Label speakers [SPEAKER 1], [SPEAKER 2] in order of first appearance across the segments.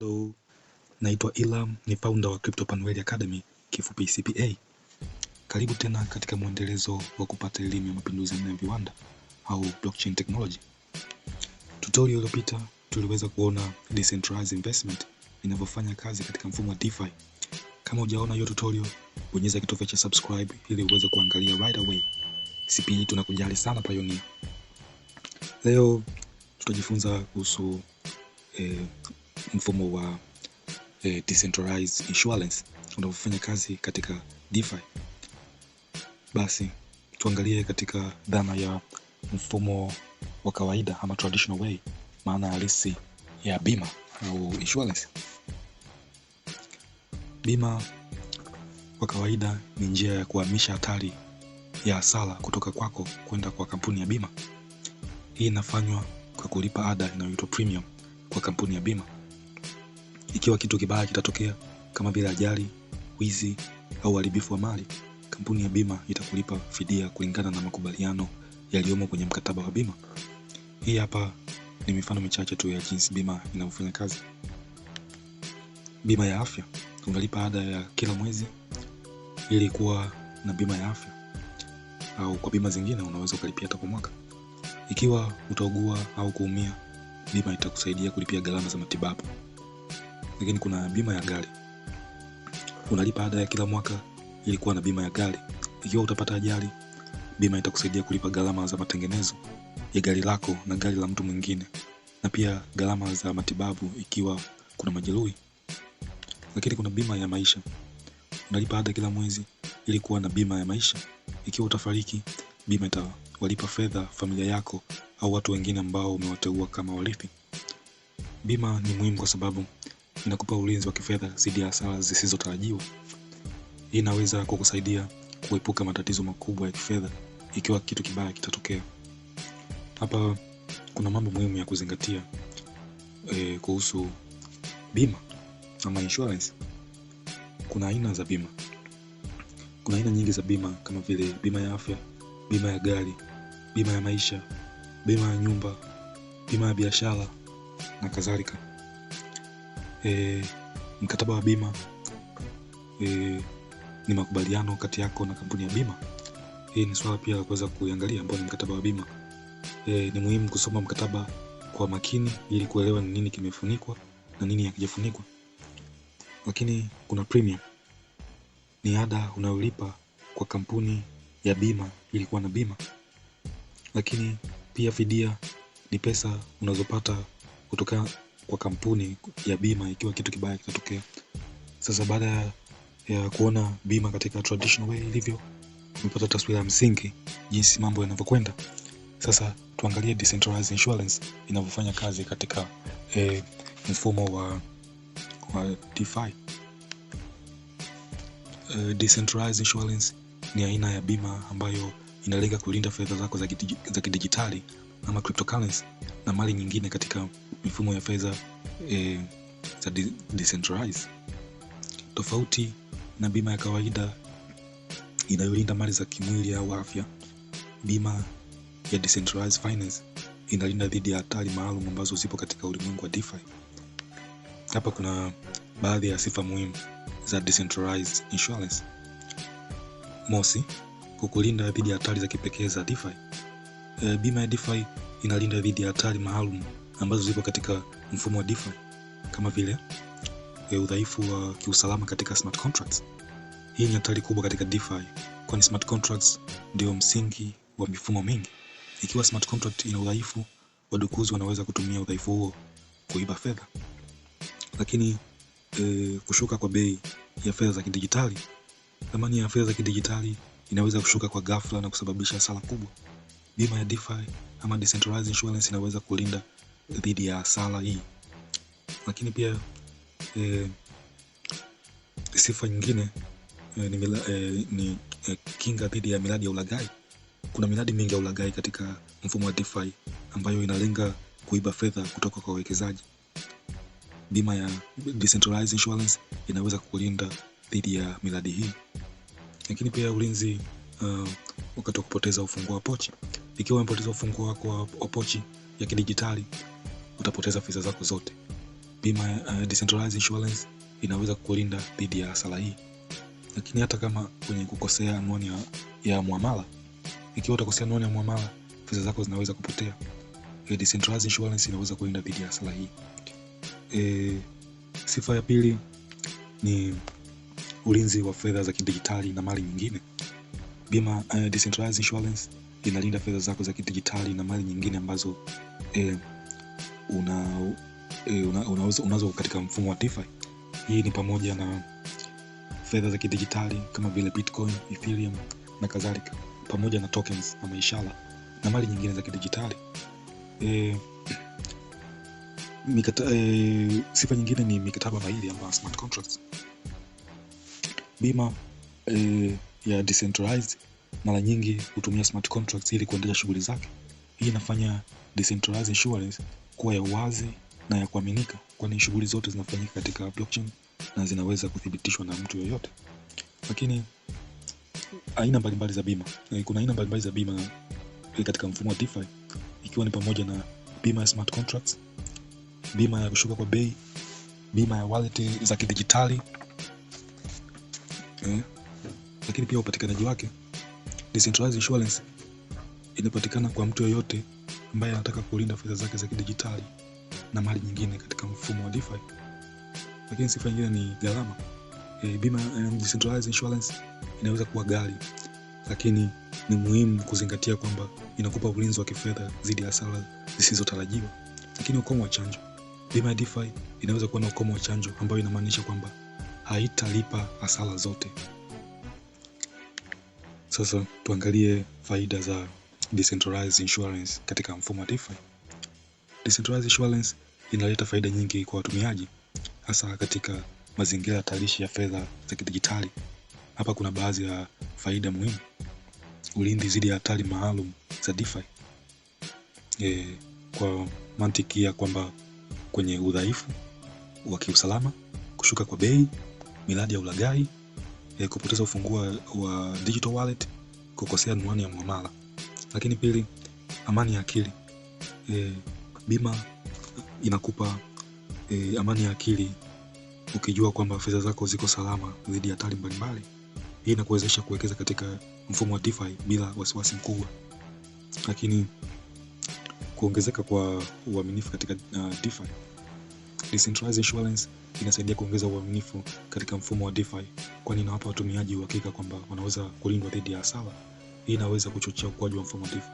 [SPEAKER 1] Hello, naitwa Ilam, ni founder wa Crypto Panueli Academy, kifupi CPA. Karibu tena katika mwendelezo wa kupata elimu ya mapinduzi ya viwanda au blockchain technology. Tutorial iliyopita tuliweza kuona decentralized investment inavyofanya kazi katika mfumo wa DeFi. Kama hujaona hiyo tutorial, bonyeza kitufe cha subscribe ili uweze kuangalia right away. CPA tunakujali sana Pioneer. Leo tutajifunza kuhusu eh, mfumo wa eh, decentralized insurance unavyofanya kazi katika DeFi. Basi tuangalie katika dhana ya mfumo wa kawaida ama traditional way, maana halisi ya bima au insurance. Bima kwa kawaida ni njia ya kuhamisha hatari ya hasara kutoka kwako kwenda kwa kampuni ya bima. Hii inafanywa kwa kulipa ada inayoitwa premium kwa kampuni ya bima. Ikiwa kitu kibaya kitatokea kama vile ajali, wizi au uharibifu wa mali, kampuni ya bima itakulipa fidia kulingana na makubaliano yaliyomo kwenye mkataba wa bima. Hii hapa ni mifano michache tu ya jinsi bima inavyofanya kazi. Bima ya afya, unalipa ada ya kila mwezi ili kuwa na bima ya afya, au kwa bima zingine unaweza ukalipia hata kwa mwaka. Ikiwa utaugua au kuumia, bima itakusaidia kulipia gharama za matibabu lakini kuna bima ya gari unalipa ada ya kila mwaka ili kuwa na bima ya gari. Ikiwa utapata ajali, bima itakusaidia kulipa gharama za matengenezo ya gari lako na gari la mtu mwingine, na pia gharama za matibabu ikiwa kuna majeruhi. Lakini kuna bima ya maisha, unalipa ada kila mwezi ili kuwa na bima ya maisha. Ikiwa utafariki, bima itawalipa fedha familia yako au watu wengine ambao umewateua kama warithi. Bima ni muhimu kwa sababu inakupa ulinzi wa kifedha dhidi ya hasara zisizotarajiwa. Hii inaweza kukusaidia kuepuka matatizo makubwa ya kifedha ikiwa kitu kibaya kitatokea. Hapa kuna mambo muhimu ya kuzingatia e, kuhusu bima ama insurance. Kuna aina za bima, kuna aina nyingi za bima kama vile bima ya afya, bima ya gari, bima ya maisha, bima ya nyumba, bima ya biashara na kadhalika e, mkataba wa bima e, ni makubaliano kati yako na kampuni ya bima. Hii ni swala pia la kuweza kuiangalia ambayo ni mkataba wa bima. E, ni muhimu kusoma mkataba kwa makini ili kuelewa ni nini kimefunikwa na nini hakijafunikwa. Lakini kuna premium, ni ada unayolipa kwa kampuni ya bima ili kuwa na bima. Lakini pia fidia ni pesa unazopata kutoka kwa kampuni ya bima ikiwa kitu kibaya kitatokea. Sasa baada ya kuona bima katika traditional way ilivyo, umepata taswira ya msingi jinsi mambo yanavyokwenda. Sasa tuangalie decentralized insurance inavyofanya kazi katika eh, mfumo wa wa DeFi. Uh, decentralized insurance ni aina ya bima ambayo inalenga kulinda fedha zako za kidijitali ama cryptocurrency na mali nyingine katika mifumo ya fedha e, za decentralized tofauti na bima ya kawaida inayolinda mali za kimwili au afya. Bima ya decentralized finance inalinda dhidi ya hatari maalum ambazo zipo katika ulimwengu wa DeFi. Hapa kuna baadhi ya sifa muhimu za decentralized insurance. Mosi, kukulinda dhidi ya hatari za kipekee za DeFi. E, bima ya DeFi inalinda dhidi ya hatari maalum ambazo zipo katika mfumo wa DeFi kama vile e, udhaifu wa kiusalama katika smart contracts. Hii ni hatari kubwa katika DeFi, kwani smart contracts ndio msingi wa mifumo mingi. Ikiwa smart contract ina udhaifu, wadukuzi wanaweza kutumia udhaifu huo kuiba fedha. Lakini e, kushuka kwa bei ya fedha za kidijitali, thamani ya fedha za kidijitali inaweza kushuka kwa ghafla na kusababisha hasara kubwa. Bima ya DeFi ama decentralized insurance inaweza kulinda dhidi ya hasara hii, lakini pia eh, sifa nyingine eh, ni, mila, e, ni eh, kinga dhidi ya miradi ya ulagai. Kuna miradi mingi ya ulagai katika mfumo wa DeFi ambayo inalenga kuiba fedha kutoka kwa wawekezaji. Bima ya decentralized insurance inaweza kulinda dhidi ya miradi hii, lakini pia ulinzi uh, wakati wa kupoteza ufunguo wa pochi. Ikiwa umepoteza ufunguo wako wa pochi ya kidijitali, utapoteza fedha zako zote. Bima uh, decentralized insurance inaweza kulinda dhidi ya hasara hii. Lakini hata kama kwenye kukosea anwani ya, ya muamala, ikiwa utakosea anwani ya mwamala fedha zako zinaweza kupotea. E, decentralized insurance inaweza kulinda dhidi ya hasara hii. E, sifa ya pili ni ulinzi wa fedha za kidijitali na mali nyingine. Bima uh, decentralized insurance inalinda fedha zako za kidijitali na mali nyingine ambazo eh, una, eh, una, unazo, unazo katika mfumo wa DeFi. Hii ni pamoja na fedha za kidijitali kama vile Bitcoin, Ethereum na kadhalika, pamoja na tokens ama ishara na mali nyingine za kidijitali eh, mikata, e, sifa nyingine ni mikataba maili ama smart contracts. Bima e, ya decentralized mara nyingi hutumia smart contracts ili kuendesha shughuli zake. Hii inafanya decentralized insurance kuwa ya uwazi na ya kuaminika, kwani shughuli zote zinafanyika katika blockchain na zinaweza kuthibitishwa na mtu yoyote. Lakini aina mbalimbali za bima, eh, kuna aina mbalimbali za bima eh, katika mfumo wa DeFi ikiwa ni pamoja na bima ya smart contracts, bima ya kushuka kwa bei, bima ya wallet za kidijitali eh, lakini pia upatikanaji wake Decentralized insurance inapatikana kwa mtu yoyote ambaye anataka kulinda fedha zake za kidijitali na mali nyingine katika mfumo wa DeFi. Lakini sifa nyingine ni gharama. E, bima um, decentralized insurance inaweza kuwa ghali, lakini ni muhimu kuzingatia kwamba inakupa ulinzi wa kifedha dhidi ya hasara zisizotarajiwa. Lakini ukomo wa chanjo, bima ya DeFi inaweza kuwa na ukomo wa chanjo ambayo inamaanisha kwamba haitalipa hasara zote. Sasa tuangalie faida za decentralized insurance katika mfumo wa DeFi. Decentralized insurance inaleta faida nyingi kwa watumiaji hasa katika mazingira ya tarishi ya fedha za kidijitali. Hapa kuna baadhi ya faida muhimu: ulinzi dhidi ya hatari maalum za DeFi. E, kwa mantiki ya kwamba kwenye udhaifu wa kiusalama, kushuka kwa bei, miradi ya ulaghai eh, kupoteza ufunguo wa digital wallet, kukosea anwani ya muamala. Lakini pili, amani ya akili eh, bima inakupa eh, amani ya akili ukijua kwamba fedha zako ziko salama dhidi ya hatari mbalimbali. Hii inakuwezesha kuwekeza katika mfumo wa DeFi bila wasiwasi mkubwa. Lakini kuongezeka kwa uaminifu katika uh, DeFi Decentralized inasaidia kuongeza uaminifu katika mfumo wa DeFi, kwani inawapa watumiaji uhakika kwamba wanaweza kulindwa dhidi ya hasara. Hii inaweza kuchochea ukuaji wa mfumo wa DeFi.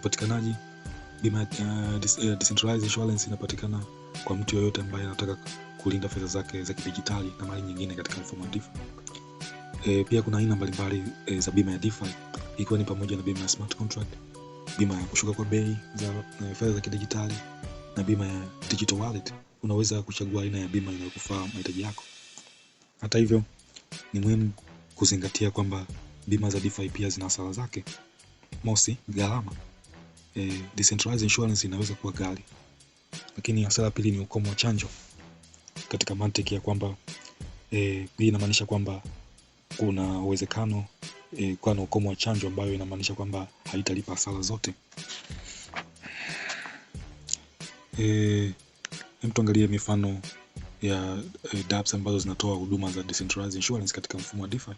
[SPEAKER 1] Upatikanaji bima uh, Decentralized inapatikana kwa mtu yoyote ambaye anataka kulinda fedha zake za kidijitali na mali nyingine katika mfumo wa DeFi. E, pia kuna aina mbalimbali e, za bima ya DeFi ikiwa ni pamoja na bima ya smart contract, bima ya kushuka kwa bei za fedha za kidijitali na bima ya digital wallet unaweza kuchagua aina ya bima inayokufaa mahitaji yako. Hata hivyo, ni muhimu kuzingatia kwamba bima za DeFi pia zina hasara zake. Mosi, gharama. E, decentralized insurance inaweza kuwa ghali, lakini hasara pili ni ukomo wa chanjo, katika mantiki ya kwamba e, hii inamaanisha kwamba kuna uwezekano e, kuwa na ukomo wa chanjo ambayo inamaanisha kwamba haitalipa hasara zote. E, tuangalie mifano ya eh, dApps ambazo zinatoa huduma za decentralized insurance katika mfumo wa DeFi.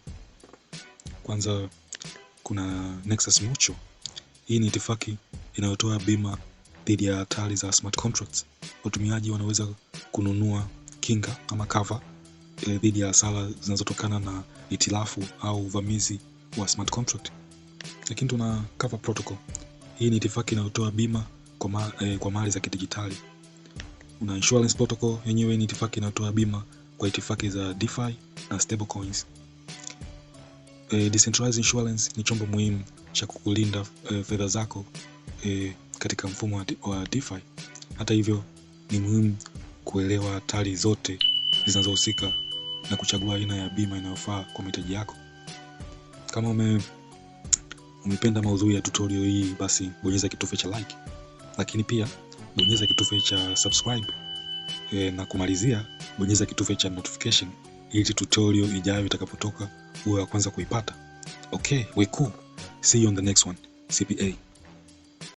[SPEAKER 1] Kwanza kuna Nexus Mutual. Hii ni itifaki inayotoa bima dhidi ya hatari za smart contracts. Watumiaji wanaweza kununua kinga ama cover eh, dhidi ya hasara zinazotokana na itilafu au uvamizi wa smart contract. Lakini tuna Cover Protocol. Hii ni itifaki inayotoa bima kwa, ma, eh, kwa mali za kidijitali una insurance protocol yenyewe ni itifaki inatoa bima kwa itifaki za DeFi na stablecoins. E, decentralized insurance ni chombo muhimu cha kukulinda e, fedha zako e, katika mfumo wa DeFi. Hata hivyo, ni muhimu kuelewa hatari zote zinazohusika na kuchagua aina ya bima inayofaa kwa mahitaji yako. Kama ume, umependa maudhui ya tutorial hii, basi bonyeza kitufe cha like, lakini pia bonyeza kitufe cha subscribe e, na kumalizia bonyeza kitufe cha notification ili tutorial ijayo itakapotoka uwe wa kwanza kuipata. Okay, we cool. See you on the next one. CPA.